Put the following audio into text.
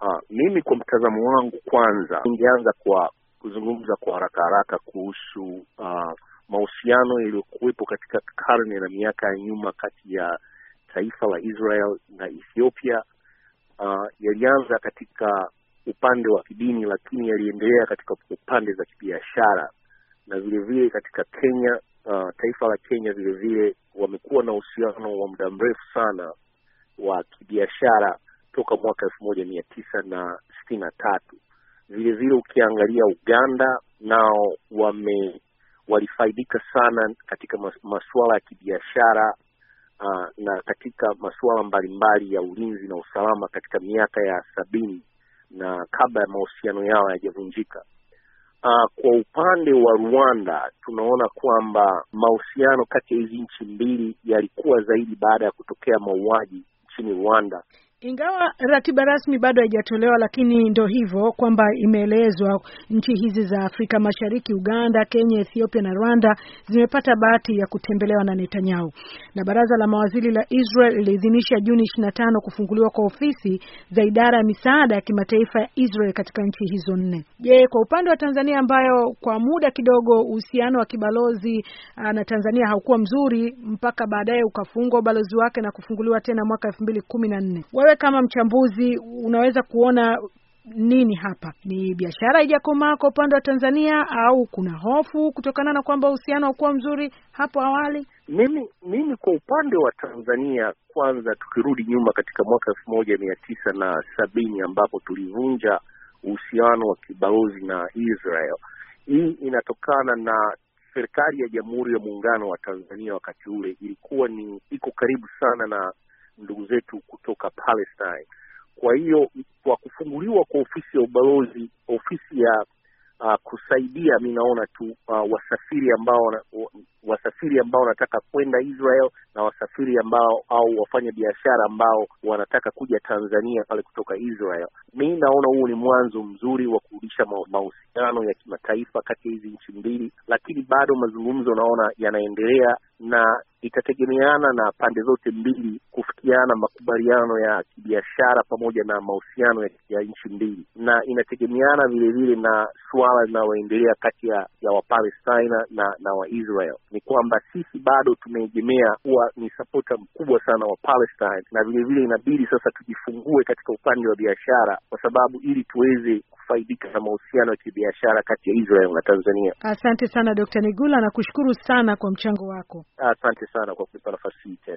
Ha, ah, mimi kwa mtazamo wangu, kwanza ningeanza kwa kuzungumza kwa haraka haraka kuhusu uh, mahusiano yaliyokuwepo katika karne na miaka ya nyuma kati ya taifa la Israel na Ethiopia. Uh, yalianza katika upande wa kidini, lakini yaliendelea katika upande za kibiashara na vile vile katika Kenya. Uh, taifa la Kenya vile vile wamekuwa na uhusiano wa muda mrefu sana wa kibiashara toka mwaka elfu moja mia tisa na sitini na tatu. Vilevile ukiangalia Uganda nao wame walifaidika sana katika masuala ya kibiashara uh, na katika masuala mbalimbali ya ulinzi na usalama katika miaka ya sabini na kabla ya mahusiano yao hayajavunjika. Uh, kwa upande wa Rwanda tunaona kwamba mahusiano kati ya hizi nchi mbili yalikuwa zaidi baada ya kutokea mauaji nchini Rwanda ingawa ratiba rasmi bado haijatolewa, lakini ndo hivyo kwamba imeelezwa nchi hizi za Afrika Mashariki, Uganda, Kenya, Ethiopia na Rwanda zimepata bahati ya kutembelewa na Netanyahu. Na baraza la mawaziri la Israel liliidhinisha Juni 25 kufunguliwa kwa ofisi za idara ya misaada ya kimataifa ya Israel katika nchi hizo nne. Je, kwa upande wa Tanzania ambayo kwa muda kidogo uhusiano wa kibalozi ah, na Tanzania haukuwa mzuri mpaka baadaye ukafungwa ubalozi wake na kufunguliwa tena mwaka 2014 wewe kama mchambuzi unaweza kuona nini hapa? Ni biashara haijakomaa kwa upande wa Tanzania au kuna hofu kutokana na kwamba uhusiano haukuwa mzuri hapo awali? Mimi mimi kwa upande wa Tanzania, kwanza tukirudi nyuma katika mwaka elfu moja mia tisa na sabini ambapo tulivunja uhusiano wa kibalozi na Israel. Hii inatokana na serikali ya Jamhuri ya Muungano wa Tanzania wakati ule ilikuwa ni iko karibu sana na ndugu zetu kutoka Palestine. Kwa hiyo kwa kufunguliwa kwa ofisi ya ubalozi, ofisi ya uh, kusaidia, mi naona tu uh, wasafiri ambao wasafiri ambao wanataka kwenda Israel na wasafiri ambao au wafanya biashara ambao wanataka kuja Tanzania pale kutoka Israel, mi naona huu ni mwanzo mzuri wa kurudisha mahusiano ya kimataifa kati ya hizi nchi mbili, lakini bado mazungumzo naona yanaendelea na itategemeana na pande zote mbili kufikiana makubaliano ya kibiashara pamoja na mahusiano ya, ya nchi mbili, na inategemeana vilevile na suala linaloendelea kati ya, ya Wapalestina na, na Waisrael. Ni kwamba sisi bado tumeegemea kuwa ni sapota mkubwa sana wa Palestine, na vilevile inabidi sasa tujifungue katika upande wa biashara, kwa sababu ili tuweze kufaidika na mahusiano ya kibiashara kati ya Israel na Tanzania. Asante sana Dr. Nigula, nakushukuru sana kwa mchango wako. Asante sana kwa kunipa nafasi hii tena.